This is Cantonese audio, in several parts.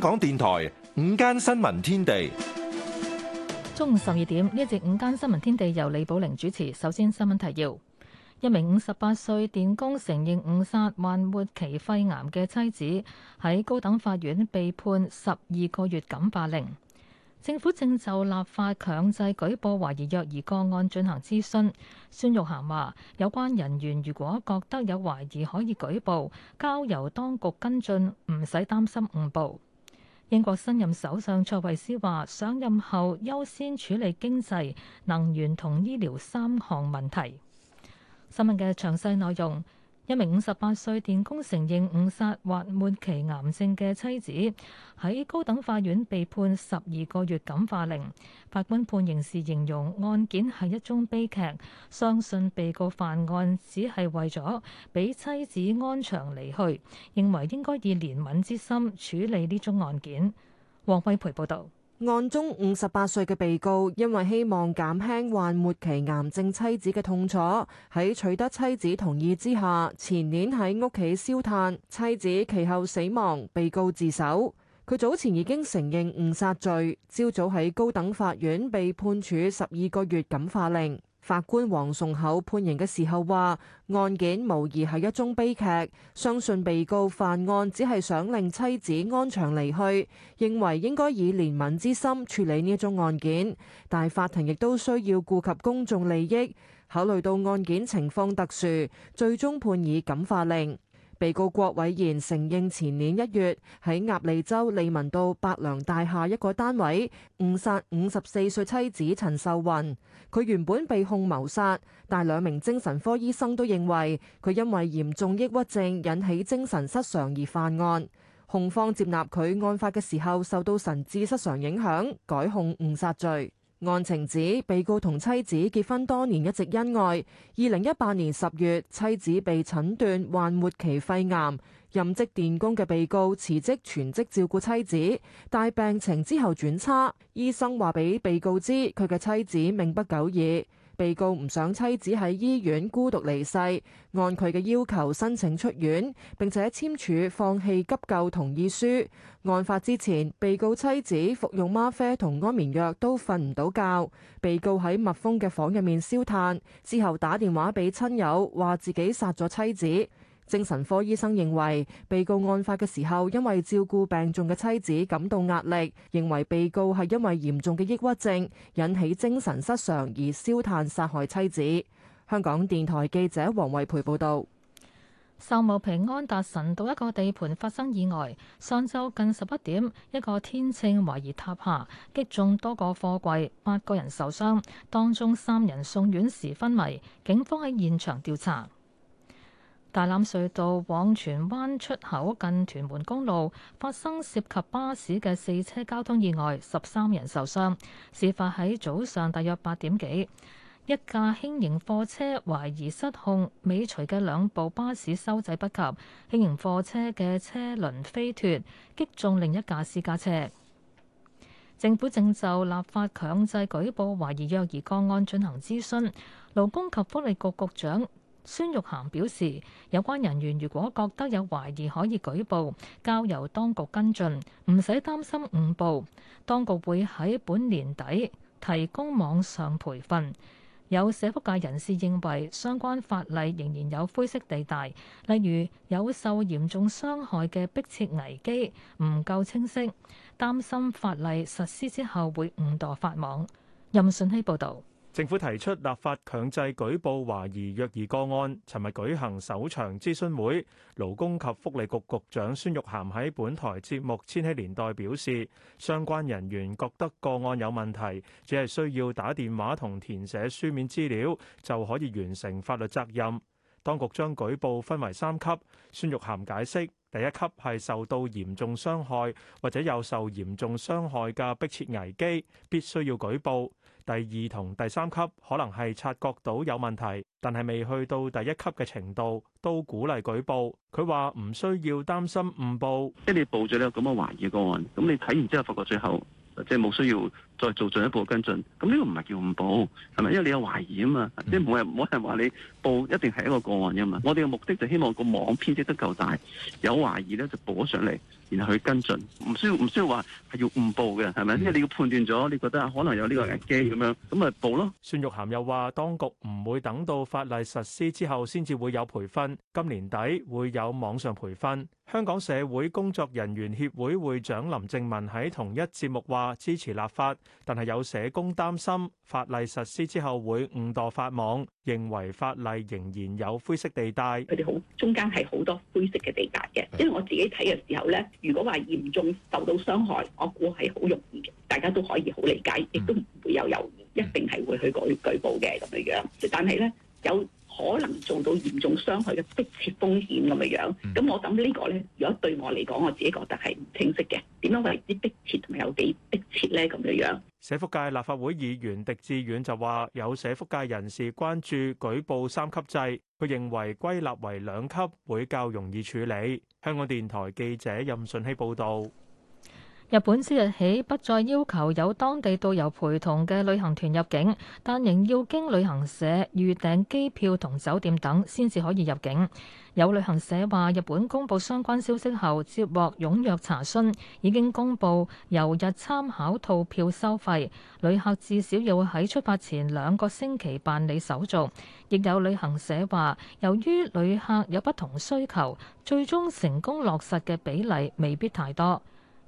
香港電台午間新聞天地，中午十二點，呢一節午間新聞天地由李寶玲主持。首先，新聞提要：一名五十八歲電工承認誤殺患末期肺癌嘅妻子，喺高等法院被判十二個月感化令。政府正就立法強制舉報懷疑虐兒個案進行諮詢。孫玉菡話：有關人員如果覺得有懷疑，可以舉報，交由當局跟進，唔使擔心誤報。英國新任首相蔡慧斯話：上任後優先處理經濟、能源同醫療三項問題。新聞嘅詳細內容。一名五十八歲電工承認誤殺或末期癌症嘅妻子，喺高等法院被判十二個月感化令。法官判刑時形容案件係一宗悲劇，相信被告犯案只係為咗俾妻子安詳離去，認為應該以憐憫之心處理呢宗案件。黃惠培報導。案中五十八歲嘅被告，因為希望減輕患末期癌症妻子嘅痛楚，喺取得妻子同意之下，前年喺屋企燒炭，妻子其後死亡，被告自首。佢早前已經承認誤殺罪，朝早喺高等法院被判處十二個月感化令。法官黃崇厚判刑嘅時候話，案件無疑係一宗悲劇，相信被告犯案只係想令妻子安詳離去，認為應該以憐憫之心處理呢一宗案件，但法庭亦都需要顧及公眾利益，考慮到案件情況特殊，最終判以感化令。被告郭偉賢承認前年一月喺鴨脷洲利民道百良大廈一個單位誤殺五十四歲妻子陳秀雲。佢原本被控謀殺，但兩名精神科醫生都認為佢因為嚴重抑鬱症引起精神失常而犯案。控方接納佢案發嘅時候受到神志失常影響，改控誤殺罪。案情指，被告同妻子結婚多年，一直恩愛。二零一八年十月，妻子被診斷患末期肺癌，任職電工嘅被告辭職全職照顧妻子。但病情之後轉差，醫生話畀被告知佢嘅妻子命不久矣。被告唔想妻子喺醫院孤獨離世，按佢嘅要求申請出院，並且簽署放棄急救同意書。案發之前，被告妻子服用嗎啡同安眠藥都瞓唔到覺，被告喺密封嘅房入面燒炭，之後打電話俾親友，話自己殺咗妻子。精神科醫生認為被告案發嘅時候，因為照顧病重嘅妻子感到壓力，認為被告係因為嚴重嘅抑鬱症引起精神失常而燒炭殺害妻子。香港電台記者黃慧培報導。秀茂坪安達臣到一個地盤發生意外，上晝近十一點，一個天秤懷疑塌下，擊中多個貨櫃，八個人受傷，當中三人送院時昏迷，警方喺現場調查。大欖隧道往荃灣出口近屯門公路發生涉及巴士嘅四車交通意外，十三人受傷。事發喺早上大約八點幾，一架輕型貨車懷疑失控，尾隨嘅兩部巴士收掣不及，輕型貨車嘅車輪飛脫，擊中另一架私家車。政府正就立法強制舉報懷疑虐兒個案進行諮詢，勞工及福利局局長孫玉菡表示，有關人員如果覺得有懷疑，可以舉報，交由當局跟進，唔使擔心誤報。當局會喺本年底提供網上培訓。有社福界人士認為，相關法例仍然有灰色地帶，例如有受嚴重傷害嘅迫切危機唔夠清晰，擔心法例實施之後會誤墮法網。任信希報導。政府提出立法強制舉報懷疑虐兒個案，尋日舉行首場諮詢會。勞工及福利局局長孫玉菡喺本台節目《千禧年代》表示，相關人員覺得個案有問題，只係需要打電話同填寫書面資料就可以完成法律責任。當局將舉報分為三級。孫玉菡解釋。第一級係受到嚴重傷害或者又受嚴重傷害嘅迫切危機，必須要舉報。第二同第三級可能係察覺到有問題，但係未去到第一級嘅程度，都鼓勵舉報。佢話唔需要擔心誤報，即係你報咗呢個咁嘅懷疑個案，咁你睇完之後發覺最後，即係冇需要再做進一步嘅跟進，咁呢個唔係叫唔報，係咪？因為你有懷疑啊嘛，嗯、即係冇人冇人話你報一定係一個個案啊嘛。我哋嘅目的就希望個網編織得夠大，有懷疑咧就報咗上嚟。然後去跟進，唔需要唔需要話係要誤報嘅，係咪？因為你要判斷咗，你覺得可能有呢個危機咁樣，咁咪報咯。孫玉菡又話：當局唔會等到法例實施之後先至會有培訓，今年底會有網上培訓。香港社會工作人員協會會長林正文喺同一節目話支持立法，但係有社工擔心法例實施之後會誤墮法網，認為法例仍然有灰色地帶。佢哋好中間係好多灰色嘅地帶嘅，因為我自己睇嘅時候呢。如果話嚴重受到傷害，我估係好容易嘅，大家都可以好理解，亦都唔會有猶豫，一定係會去舉舉報嘅咁樣樣。但係咧，有可能做到嚴重傷害嘅迫切風險咁樣樣，咁我諗呢個咧，如果對我嚟講，我自己覺得係唔清晰嘅，點樣為之迫切同埋有幾迫切咧咁樣樣。社福界立法會議員狄志遠就話，有社福界人士關注舉報三級制，佢認為歸納為兩級會較容易處理。香港電台記者任順希報導。日本即日起不再要求有當地導遊陪同嘅旅行團入境，但仍要經旅行社預訂機票同酒店等先至可以入境。有旅行社話，日本公布相關消息後，接獲踴躍查詢，已經公布由日參考套票收費，旅客至少要喺出發前兩個星期辦理手續。亦有旅行社話，由於旅客有不同需求，最終成功落實嘅比例未必太多。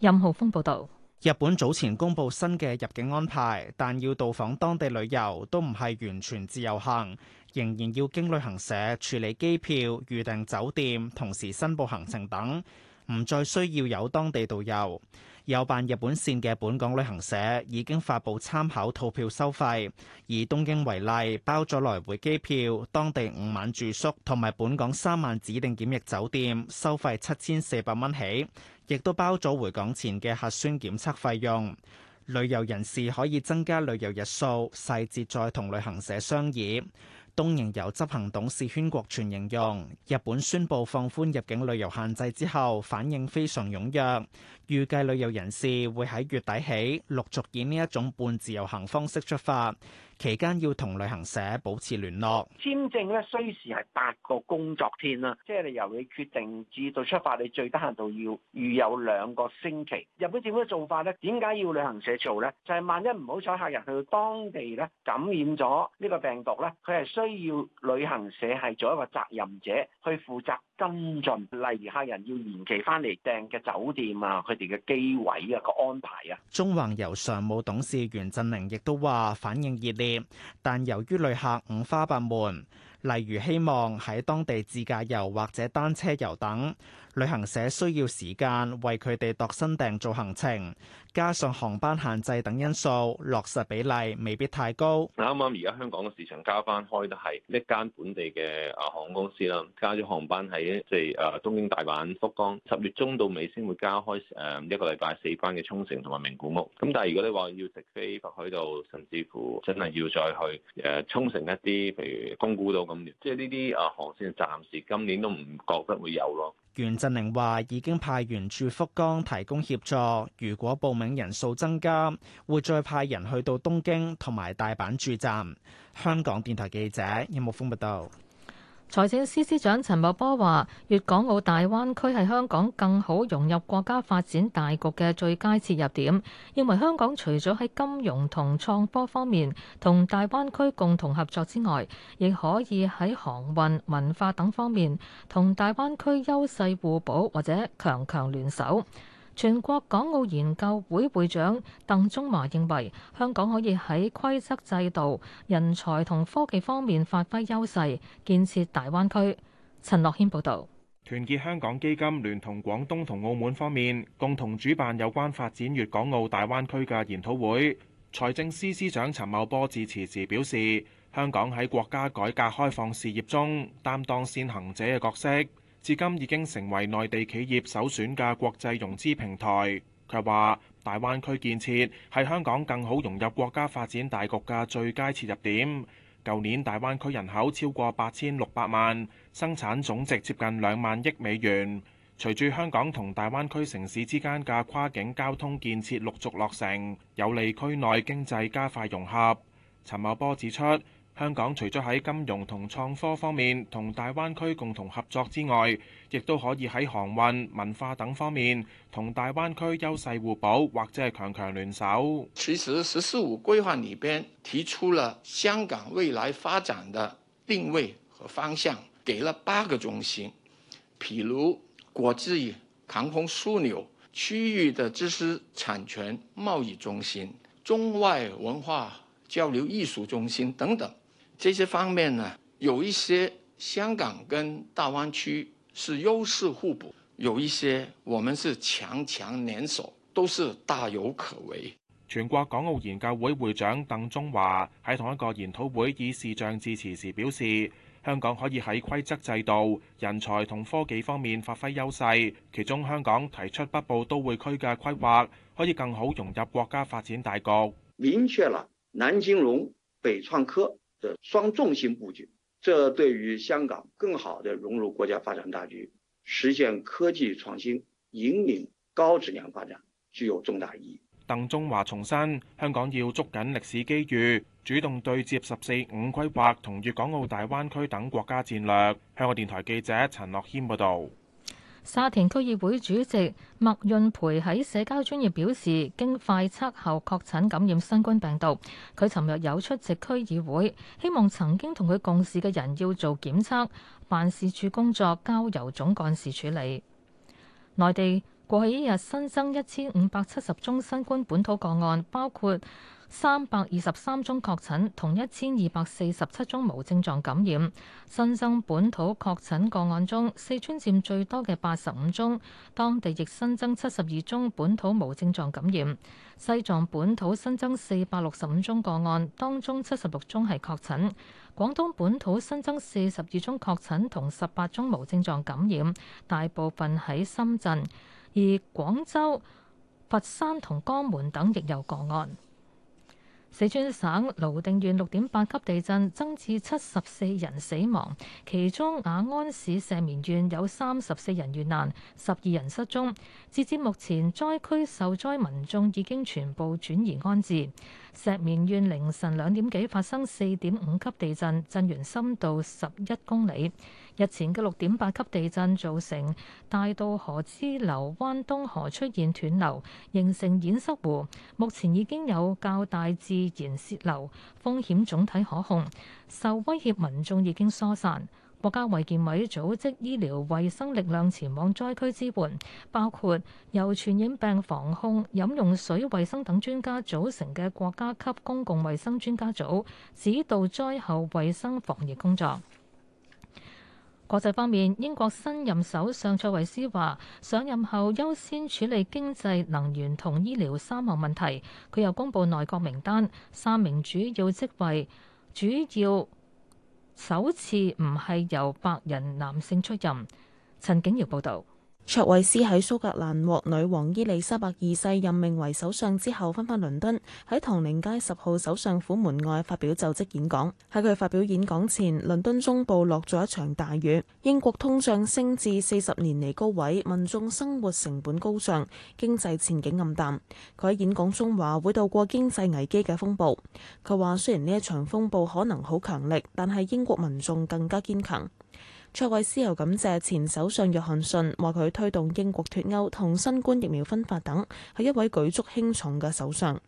任浩峰報道：日本早前公佈新嘅入境安排，但要到訪當地旅遊都唔係完全自由行，仍然要經旅行社處理機票、預訂酒店，同時申報行程等，唔再需要有當地導遊。有辦日本線嘅本港旅行社已經發佈參考套票收費，以東京為例，包咗來回機票、當地五晚住宿同埋本港三晚指定檢疫酒店，收費七千四百蚊起。亦都包咗回港前嘅核酸檢測費用，旅遊人士可以增加旅遊日數，細節再同旅行社商議。東瀛遊執行董事禤國全形容，日本宣布放寬入境旅遊限制之後，反應非常踊躍。預計旅遊人士會喺月底起陸續以呢一種半自由行方式出發，期間要同旅行社保持聯絡。簽證咧需時係八個工作天啦，即係你由你決定至到出發，你最低限度要預有兩個星期。日本政府嘅做法咧，點解要旅行社做咧？就係、是、萬一唔好彩客人去到當地咧感染咗呢個病毒咧，佢係需要旅行社係做一個責任者去負責。跟進，例如客人要延期翻嚟訂嘅酒店啊，佢哋嘅機位啊、個安排啊。中環遊常務董事袁振寧亦都話反應熱烈，但由於旅客五花八門，例如希望喺當地自駕遊或者單車遊等。旅行社需要時間為佢哋度身訂做行程，加上航班限制等因素，落實比例未必太高。啱啱而家香港嘅市場加班開得係一間本地嘅啊航空公司啦，加咗航班喺即係啊東京、大阪、福岡，十月中到尾先會加開誒一個禮拜四班嘅沖繩同埋名古屋。咁但係如果你話要直飛北海道，甚至乎真係要再去誒沖繩一啲，譬如宮古島咁，即係呢啲啊航線暫時今年都唔覺得會有咯。袁振寧話：已經派員駐福岡提供協助，如果報名人數增加，會再派人去到東京同埋大阪駐站。香港電台記者任木峰報道。財政司司長陳茂波話，粵港澳大灣區係香港更好融入國家發展大局嘅最佳切入點，認為香港除咗喺金融同創科方面同大灣區共同合作之外，亦可以喺航運、文化等方面同大灣區優勢互補，或者強強聯手。全國港澳研究會會長鄧中華認為，香港可以喺規則制度、人才同科技方面發揮優勢，建設大灣區。陳樂軒報導。團結香港基金聯同廣東同澳門方面，共同主辦有關發展粵港澳大灣區嘅研討會。財政司司長陳茂波致辭時表示，香港喺國家改革開放事業中擔當先行者嘅角色。至今已經成為內地企業首選嘅國際融資平台。佢話：大灣區建設係香港更好融入國家發展大局嘅最佳切入點。舊年大灣區人口超過八千六百萬，生產總值接近兩萬億美元。隨住香港同大灣區城市之間嘅跨境交通建設陸續落成，有利區內經濟加快融合。陳茂波指出。香港除咗喺金融同創科方面同大灣區共同合作之外，亦都可以喺航運、文化等方面同大灣區優勢互補或者係強強聯手。其實十四五規劃裏邊提出了香港未來發展的定位和方向，給了八個中心，譬如國際航空樞紐、區域的知識產權貿易中心、中外文化交流藝術中心等等。這些方面呢，有一些香港跟大灣區是優勢互補，有一些我們是強強聯手，都是大有可為。全國港澳研究會會長鄧中華喺同一個研討會以視像致辭時表示，香港可以喺規則制度、人才同科技方面發揮優勢，其中香港提出北部都會區嘅規劃，可以更好融入國家發展大局。明確了南金融、北創科的雙重心佈局，這對於香港更好地融入國家發展大局，實現科技創新，引領高質量發展，具有重大意義。鄧中華重申，香港要捉緊歷史機遇，主動對接「十四五」規劃同粵港澳大灣區等國家戰略。香港電台記者陳樂謙報導。沙田區議會主席麥潤培喺社交專頁表示，經快測後確診感染新冠病毒。佢尋日有出席區議會，希望曾經同佢共事嘅人要做檢測。辦事處工作交由總幹事處理。內地過去一日新增一千五百七十宗新冠本土個案，包括，三百二十三宗確診同一千二百四十七宗無症狀感染，新增本土確診個案中，四川佔最多嘅八十五宗，當地亦新增七十二宗本土無症狀感染。西藏本土新增四百六十五宗個案，當中七十六宗係確診。廣東本土新增四十二宗確診同十八宗無症狀感染，大部分喺深圳，而廣州、佛山同江門等亦有個案。四川省瀘定縣六點八級地震增至七十四人死亡，其中雅安市石棉縣有三十四人遇難，十二人失蹤。截至目前，災區受災民眾已經全部轉移安置。石棉縣凌晨兩點幾發生四點五級地震，震源深度十一公里。日前嘅六點八級地震造成大渡河支流灣東河出現斷流，形成堰塞湖。目前已經有較大自然洩流風險，總體可控。受威脅民眾已經疏散。國家衛健委組織醫療衞生力量前往災區支援，包括由傳染病防控、飲用水衞生等專家組成嘅國家級公共衞生專家組，指導災後衞生防疫工作。國際方面，英國新任首相卓慧思話：上任後優先處理經濟、能源同醫療三項問題。佢又公布內閣名單，三名主要職位主要首次唔係由白人男性出任。陳景瑤報道。卓惠斯喺蘇格蘭獲女王伊麗莎白二世任命為首相之後，翻返倫敦喺唐寧街十號首相府門外發表就職演講。喺佢發表演講前，倫敦中部落咗一場大雨。英國通脹升至四十年嚟高位，民眾生活成本高漲，經濟前景暗淡。佢喺演講中話會度過經濟危機嘅風暴。佢話雖然呢一場風暴可能好強力，但係英國民眾更加堅強。卓慧斯又感謝前首相約翰遜，話佢推動英國脱歐同新冠疫苗分發等，係一位舉足輕重嘅首相。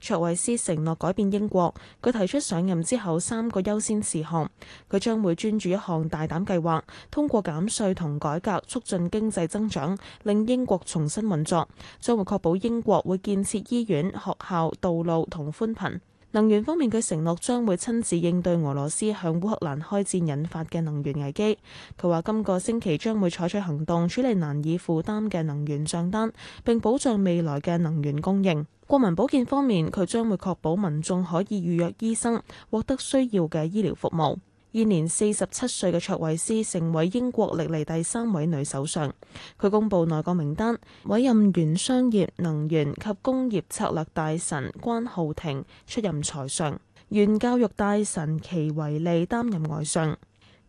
卓慧斯承諾改變英國，佢提出上任之後三個優先事項，佢將會專注一項大膽計劃，通過減稅同改革促進經濟增長，令英國重新運作，將會確保英國會建設醫院、學校、道路同寬頻。能源方面，佢承諾將會親自應對俄羅斯向烏克蘭開戰引發嘅能源危機。佢話今個星期將會採取行動處理難以負擔嘅能源賬單，並保障未來嘅能源供應。國民保健方面，佢將會確保民眾可以預約醫生，獲得需要嘅醫療服務。現年四十七歲嘅卓慧思成為英國歷嚟第三位女首相。佢公布內閣名單，委任原商業、能源及工業策略大臣關浩庭出任財相，原教育大臣祁維利擔任外相。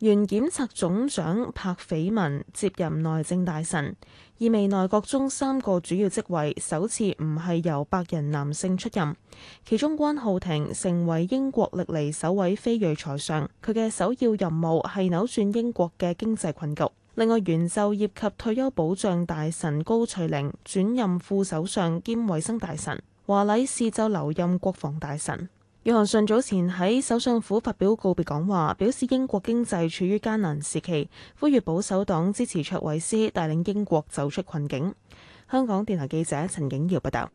原檢察總長柏斐文接任內政大臣，意味內閣中三個主要職位首次唔係由白人男性出任。其中關浩庭成為英國歷嚟首位非裔財相，佢嘅首要任務係扭轉英國嘅經濟困局。另外，原就業及退休保障大臣高翠玲轉任副首相兼衛生大臣，華禮士就留任國防大臣。約翰遜早前喺首相府發表告別講話，表示英國經濟處於艱難時期，呼籲保守黨支持卓慧思帶領英國走出困境。香港電台記者陳景堯報道。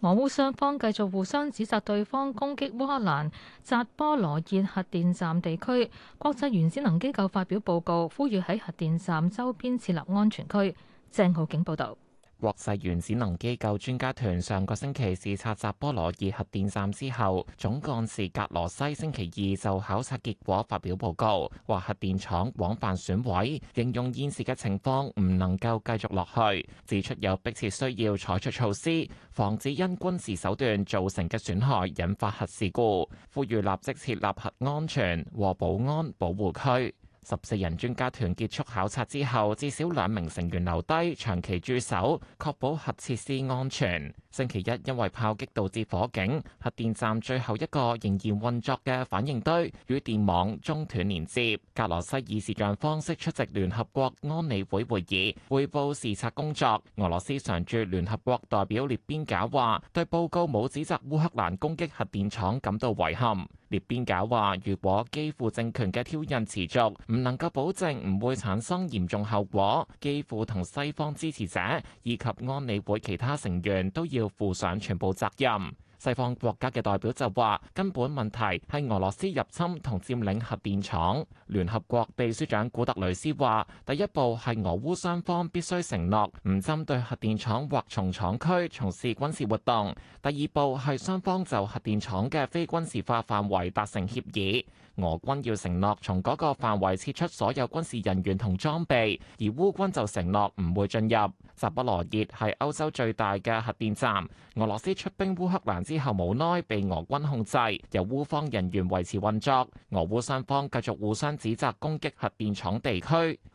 俄烏雙方繼續互相指責對方攻擊烏克蘭扎波羅熱核電站地區，國際原子能機構發表報告，呼籲喺核電站周邊設立安全區。鄭浩景報道。國際原子能機構專家團上個星期視察扎波羅熱核電站之後，總幹事格羅西星期二就考察結果發表報告，話核電廠廣泛損毀，形容現時嘅情況唔能夠繼續落去，指出有迫切需要採取措施，防止因軍事手段造成嘅損害引發核事故，呼籲立即設立核安全和保安保護區。十四人專家團結束考察之後，至少兩名成員留低長期駐守，確保核設施安全。星期一因為炮擊導致火警，核電站最後一個仍然運作嘅反應堆與電網中斷連接。格羅西以視像方式出席聯合國安理會會議，彙報視察工作。俄羅斯常駐聯合國代表列邊賈話，對報告冇指責烏克蘭攻擊核電廠感到遺憾。列邊假話，如果基輔政權嘅挑釁持續，唔能夠保證唔會產生嚴重後果，基輔同西方支持者以及安理會其他成員都要負上全部責任。西方國家嘅代表就話：根本問題係俄羅斯入侵同佔領核電廠。聯合國秘書長古特雷斯話：第一步係俄烏雙方必須承諾唔針對核電廠或從廠區從事軍事活動；第二步係雙方就核電廠嘅非軍事化範圍達成協議。俄軍要承諾從嗰個範圍撤出所有軍事人員同裝備，而烏軍就承諾唔會進入。扎波羅熱係歐洲最大嘅核電站，俄羅斯出兵烏克蘭之之後無奈被俄軍控制，由烏方人員維持運作。俄烏雙方繼續互相指責攻擊核電廠地區。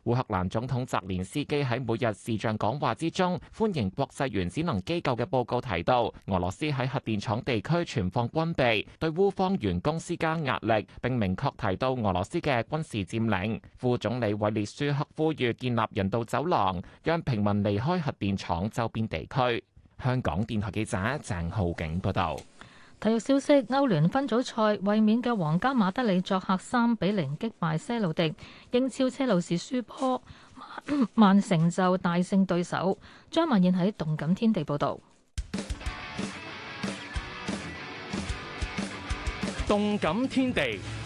烏克蘭總統澤連斯基喺每日視像講話之中，歡迎國際原子能機構嘅報告，提到俄羅斯喺核電廠地區存放軍備，對烏方員工施加壓力，並明確提到俄羅斯嘅軍事佔領。副總理韋列舒克呼籲建立人道走廊，讓平民離開核電廠周邊地區。香港電台記者鄭浩景報道：體育消息，歐聯分組賽衛冕嘅皇家馬德里作客三比零擊敗西路迪，英超車路士輸波，曼城就大勝對手。張文燕喺動感天地報道。動感天地。報導動感天地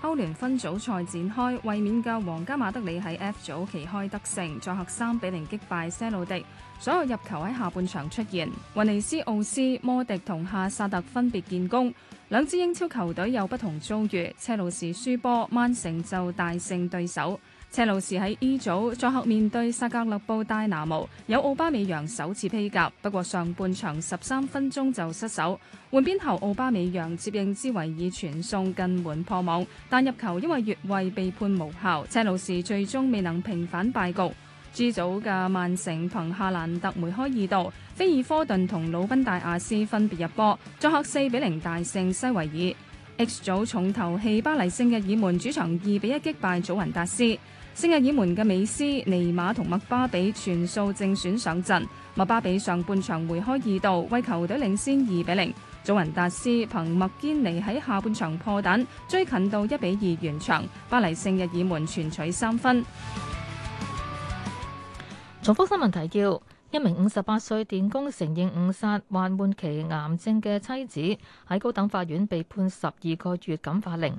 歐聯分組賽展開，衛冕嘅皇家馬德里喺 F 組旗開得勝，作客三比零擊敗塞路迪，所有入球喺下半場出現。雲尼斯奧斯、摩迪同夏薩特分別建功。兩支英超球隊有不同遭遇，車路士輸波，曼城就大勝對手。車路士喺 E 組作客面對薩格勒布戴拿姆，ama, 有奧巴美揚首次披甲，不過上半場十三分鐘就失手，換邊後奧巴美揚接應之維爾傳送近門破網，但入球因為越位被判無效，車路士最終未能平反敗局。G 組嘅曼城憑夏蘭特梅開二度，菲爾科頓同魯賓大亞斯分別入波，作客四比零大勝西維爾。X 組重頭戲，巴黎聖日耳門主場二比一擊敗祖雲達斯。聖日耳門嘅美斯、尼馬同麥巴比全數正選上陣。麥巴比上半場梅開二度，為球隊領先二比零。祖雲達斯憑麥堅尼喺下半場破蛋，追近到一比二完場。巴黎聖日耳門全取三分。重複新聞提要。一名五十八歲電工承認誤殺患晚期癌症嘅妻子，喺高等法院被判十二個月感化令。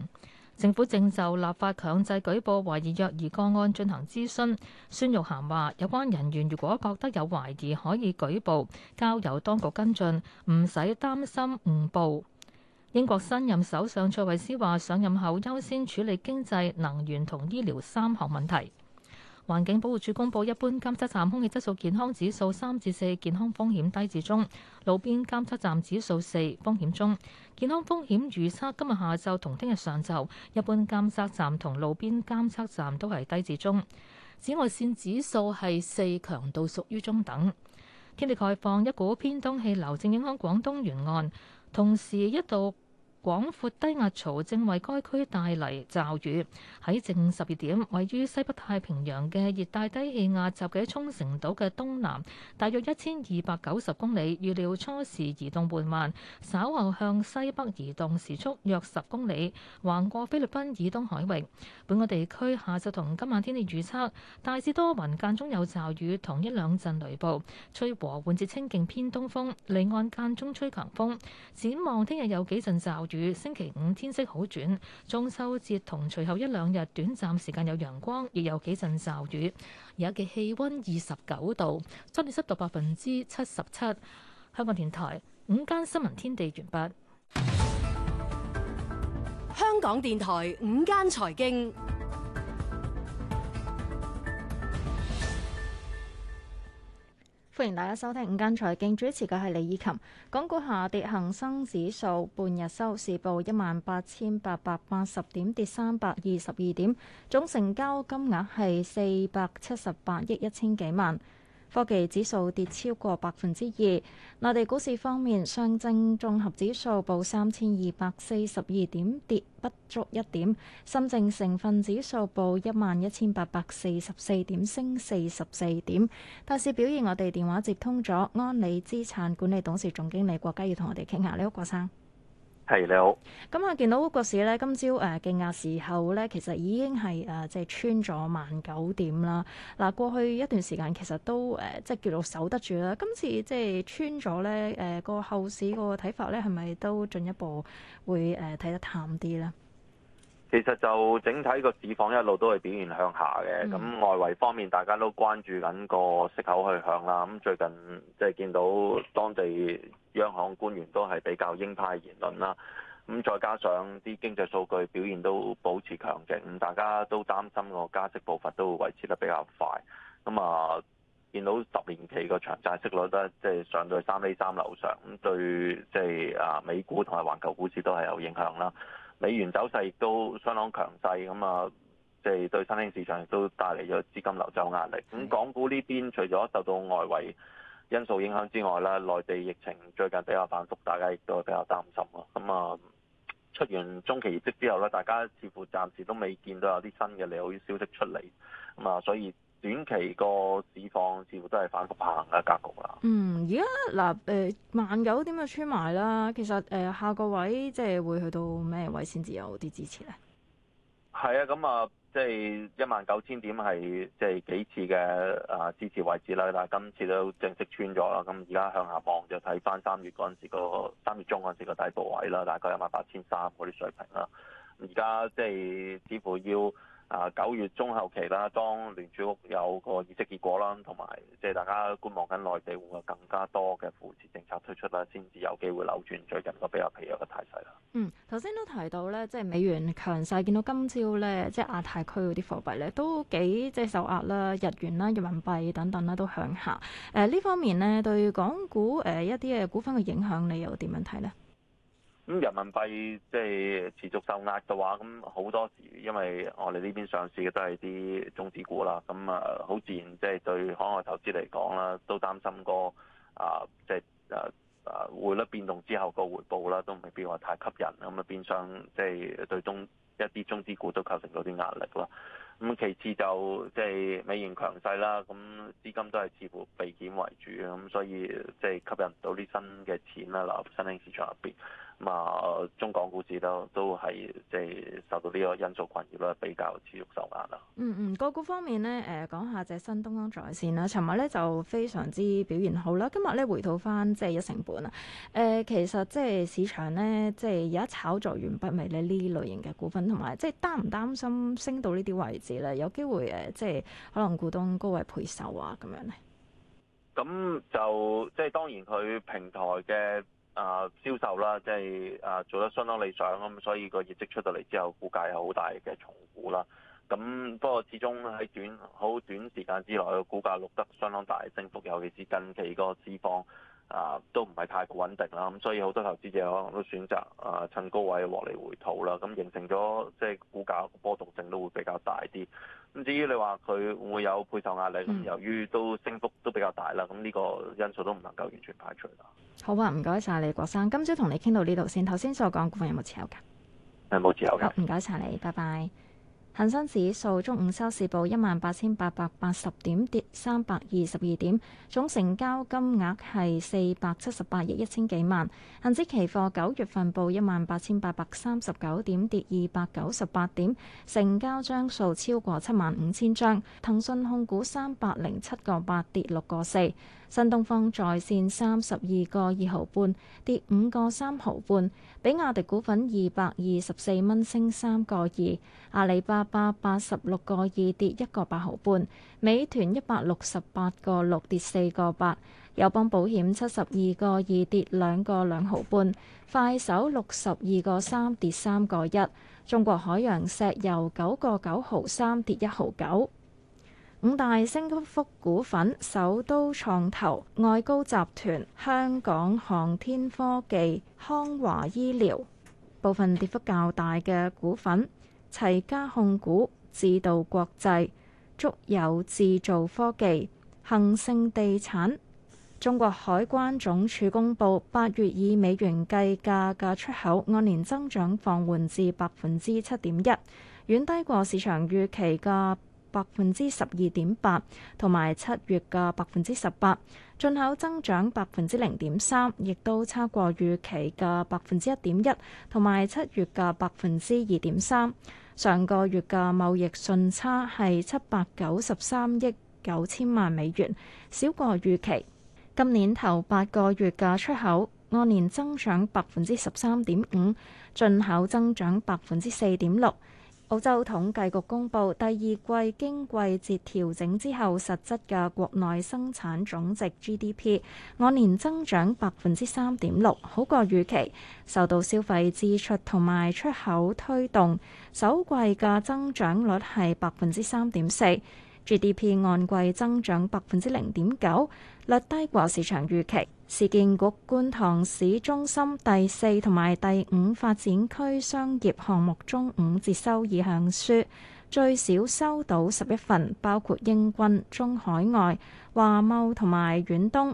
政府正就立法強制舉報懷疑虐兒個案進行諮詢。孫玉菡話：有關人員如果覺得有懷疑，可以舉報，交由當局跟進，唔使擔心誤報。英國新任首相卓慧思話：上任後優先處理經濟、能源同醫療三項問題。環境保護署公布，一般監測站空氣質素健康指數三至四，健康風險低至中；路邊監測站指數四，風險中。健康風險預測今日下晝同聽日上晝，一般監測站同路邊監測站都係低至中。紫外線指數係四，強度屬於中等。天氣概況，一股偏東氣流正影響廣東沿岸，同時一度。廣闊低壓槽正為該區帶嚟驟雨。喺正午十二點，位於西北太平洋嘅熱帶低氣壓集結喺沖繩島嘅東南，大約一千二百九十公里。預料初時移動緩慢，稍後向西北移動，時速約十公里，橫過菲律賓以東海域。本港地區下晝同今晚天氣預測，大致多雲，間中有驟雨，同一兩陣雷暴，吹和緩至清勁偏東風，離岸間中吹強風。展望聽日有幾陣驟雨。星期五天色好轉，中秋節同隨後一兩日短暫時間有陽光，亦有幾陣驟雨。而家嘅氣溫二十九度，相對濕度百分之七十七。香港電台午間新聞天地完畢。香港電台午間財經。歡迎大家收聽午間財經，主持嘅係李以琴。港股下跌，恒生指數半日收市報一萬八千八百八十點，跌三百二十二點，總成交金額係四百七十八億一千幾萬。科技指數跌超過百分之二。內地股市方面，上證綜合指數報三千二百四十二點，跌不足一點；深證成分指數報一萬一千八百四十四點，升四十四點。大市表現，我哋電話接通咗安理資產管理董事總經理郭家，要同我哋傾下。你好，郭生。係，你好，咁啊、嗯，見到個市咧，今朝誒、啊、競價時候咧，其實已經係誒即係穿咗萬九點啦。嗱、啊，過去一段時間其實都誒即係叫做守得住啦。今次即係穿咗咧，誒、啊、個後市個睇法咧，係咪都進一步會誒睇、啊、得淡啲咧？其實就整體個市況一路都係表現向下嘅，咁外圍方面大家都關注緊個息口去向啦。咁最近即係見到當地央行官員都係比較鷹派言論啦，咁再加上啲經濟數據表現都保持強勁，咁大家都擔心個加息步伐都會維持得比較快。咁啊，見到十年期個長債息率呢，即係上到去三厘三樓上，咁對即係啊美股同埋環球股市都係有影響啦。美元走勢亦都相當強勢，咁啊，即係對新興市場亦都帶嚟咗資金流走壓力。咁港股呢邊除咗受到外圍因素影響之外咧，內地疫情最近比較反覆，大家亦都係比較擔心咯。咁啊，出完中期業績之後咧，大家似乎暫時都未見到有啲新嘅利好消息出嚟，咁啊，所以。短期個市況似乎都係反覆下行嘅格局啦。嗯，而家嗱誒萬九點就穿埋啦，其實誒、呃、下個位即係會去到咩位先至有啲支持咧？係啊，咁啊，即係一萬九千點係即係幾次嘅啊支持位置啦，但係今次都正式穿咗啦。咁而家向下望就睇返三月嗰陣時個三月中嗰陣時個底部位啦，大概一萬八千三嗰啲水平啦。而家即係似乎要。啊，九月中後期啦，當聯儲局有個議息結果啦，同埋即係大家觀望緊內地會有更加多嘅扶持政策推出啦，先至有機會扭轉最近個比較疲弱嘅態勢啦。嗯，頭先都提到咧，即係美元強勢，見到今朝咧，即係亞太區嗰啲貨幣咧都幾即係受壓啦，日元啦、人民幣等等啦都向下。誒、呃、呢方面呢，對港股誒、呃、一啲嘅股份嘅影響，你又點樣睇呢？咁人民幣即係持續受壓嘅話，咁好多時因為我哋呢邊上市嘅都係啲中資股啦，咁啊好自然即係、就是、對海外投資嚟講啦，都擔心個啊即係、就是、啊啊匯率變動之後個回報啦，都唔係變話太吸引，咁啊變相即係、就是、對中一啲中資股都構成咗啲壓力啦。咁其次就即係、就是、美元強勢啦，咁資金都係似乎避險為主，咁所以即係、就是、吸引唔到啲新嘅錢啦，流入新興市場入邊。啊，中港股市咧都係即係受到呢個因素困擾咧，比較持續受壓啦、嗯。嗯嗯，個股方面咧，誒、呃、講下隻新東方在線啦。尋日咧就非常之表現好啦，今日咧回吐翻即係一成本。啊。誒，其實即係市場咧，即係有一炒作完畢未咧呢類型嘅股份，同埋即係擔唔擔心升到呢啲位置咧，有機會誒，即係可能股東高位配售啊咁樣咧。咁就即係當然佢平台嘅。啊，銷售啦，即係啊，做得相當理想咁，所以個業績出到嚟之後，股價有好大嘅重估啦。咁不過始終喺短好短時間之內，個股價錄得相當大升幅，尤其是近期個市況啊都唔係太穩定啦。咁所以好多投資者可能都選擇啊趁高位獲利回吐啦，咁形成咗即係股價波動性都會比較大啲。咁至於你話佢會唔會有配售壓力，咁、嗯、由於都升幅都比較大啦，咁呢個因素都唔能夠完全排除啦。好啊，唔該晒你，國生，今朝同你傾到呢度先。頭先所講股份有冇持有㗎？誒、嗯，冇持有㗎。好、哦，唔該晒你，拜拜。恒生指數中午收市報一萬八千八百八十點，跌三百二十二點，總成交金額係四百七十八億一千幾萬。恒指期貨九月份報一萬八千八百三十九點，跌二百九十八點，成交張數超過七萬五千張。騰訊控股三百零七個八，跌六個四。新東方在線三十二個二毫半，跌五個三毫半；比亞迪股份二百二十四蚊，升三個二；阿里巴巴八十六個二，跌一個八毫半；美團一百六十八個六，跌四個八；友邦保險七十二個二，跌兩個兩毫半；快手六十二個三，跌三個一；中國海洋石油九個九毫三，跌一毫九。五大升幅股份：首都創投、愛高集團、香港航天科技、康華醫療。部分跌幅較大嘅股份：齊家控股、智道國際、足友智造科技、恒盛地產。中國海關總署公布，八月以美元計價嘅出口按年增長放緩至百分之七點一，遠低過市場預期嘅百分之十二點八，同埋七月嘅百分之十八，進口增長百分之零點三，亦都差過預期嘅百分之一點一，同埋七月嘅百分之二點三。上個月嘅貿易順差係七百九十三億九千萬美元，少過預期。今年頭八個月嘅出口按年增長百分之十三點五，進口增長百分之四點六。澳洲統計局公布第二季經季節調整之後實質嘅國內生產總值 GDP 按年增長百分之三點六，好過預期，受到消費支出同埋出口推動。首季嘅增長率係百分之三點四，GDP 按季增長百分之零點九，略低過市場預期。市建局觀塘市中心第四同埋第五發展區商業項目中午截收意向書，最少收到十一份，包括英軍、中海外、華懋同埋遠東。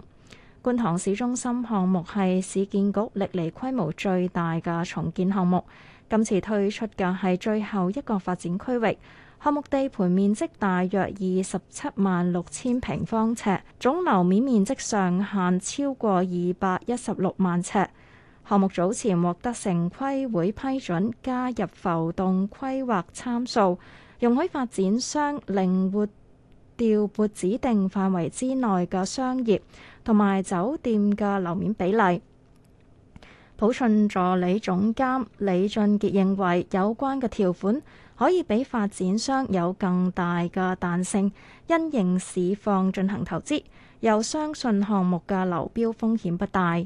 觀塘市中心項目係市建局歷嚟規模最大嘅重建項目，今次推出嘅係最後一個發展區域。項目地盤面積大約二十七萬六千平方尺，總樓面面積上限超過二百一十六萬尺。項目早前獲得城規會批准加入浮動規劃參數，容許發展商靈活調撥指定範圍之內嘅商業同埋酒店嘅樓面比例。普信助理總監李俊傑認為有關嘅條款，可以俾發展商有更大嘅彈性，因應市況進行投資，又相信項目嘅流標風險不大。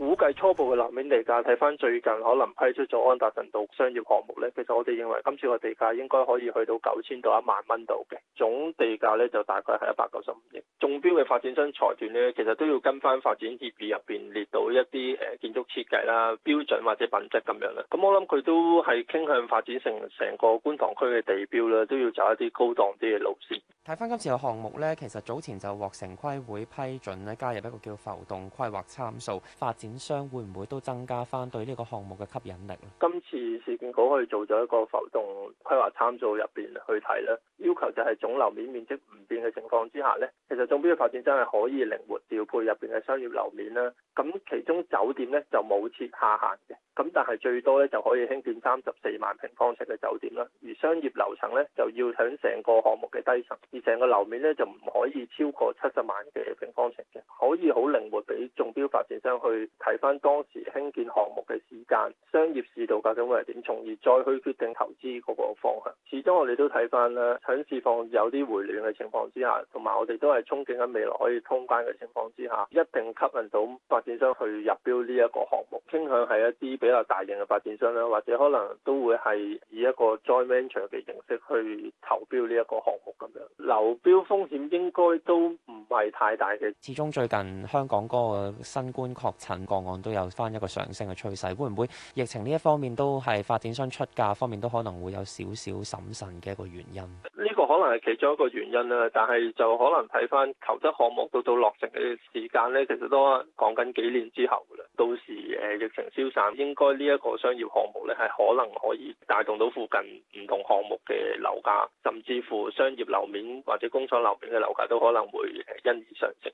估計初步嘅樓面地價，睇翻最近可能批出咗安達臣道商業項目呢。其實我哋認為今次個地價應該可以去到九千到一萬蚊度嘅總地價呢，就大概係一百九十五億。中標嘅發展商財團呢，其實都要跟翻發展協議入邊列到一啲誒、呃、建築設計啦、標準或者品質咁樣啦。咁我諗佢都係傾向發展成成個觀塘區嘅地標啦，都要走一啲高檔啲嘅路線。睇翻今次嘅項目咧，其實早前就獲城規會批准咧，加入一個叫浮動規劃參數，發展商會唔會都增加翻對呢個項目嘅吸引力？今次市建局去做咗一個浮動規劃參數入邊去睇咧，要求就係總樓面面積唔變嘅情況之下咧，其實總標嘅發展真係可以靈活調配入邊嘅商業樓面啦。咁其中酒店咧就冇設下限嘅，咁但係最多咧就可以興建三十四萬平方尺嘅酒店啦。而商業樓層咧就要喺成個項目嘅低層。成個樓面咧就唔可以超過七十萬嘅平方尺嘅，可以好靈活俾中標發展商去睇翻當時興建項目嘅時間、商業市道究竟會係點，從而再去決定投資嗰個方向。始終我哋都睇翻啦，響市況有啲回暖嘅情況之下，同埋我哋都係憧憬緊未來可以通關嘅情況之下，一定吸引到發展商去入標呢一個項目，傾向係一啲比較大型嘅發展商啦，或者可能都會係以一個 joint venture 嘅形式去投標呢一個項目咁樣。流標風險應該都唔係太大嘅。始終最近香港嗰個新冠確診個案都有返一個上升嘅趨勢，會唔會疫情呢一方面都係發展商出價方面都可能會有少少審慎嘅一個原因？呢個可能係其中一個原因啦，但係就可能睇翻求質項目到到落成嘅時間呢，其實都講緊幾年之後嘅啦。到時誒疫情消散，應該呢一個商業項目呢，係可能可以帶動到附近唔同項目嘅樓價，甚至乎商業樓面或者工廠樓面嘅樓價都可能會因而上升。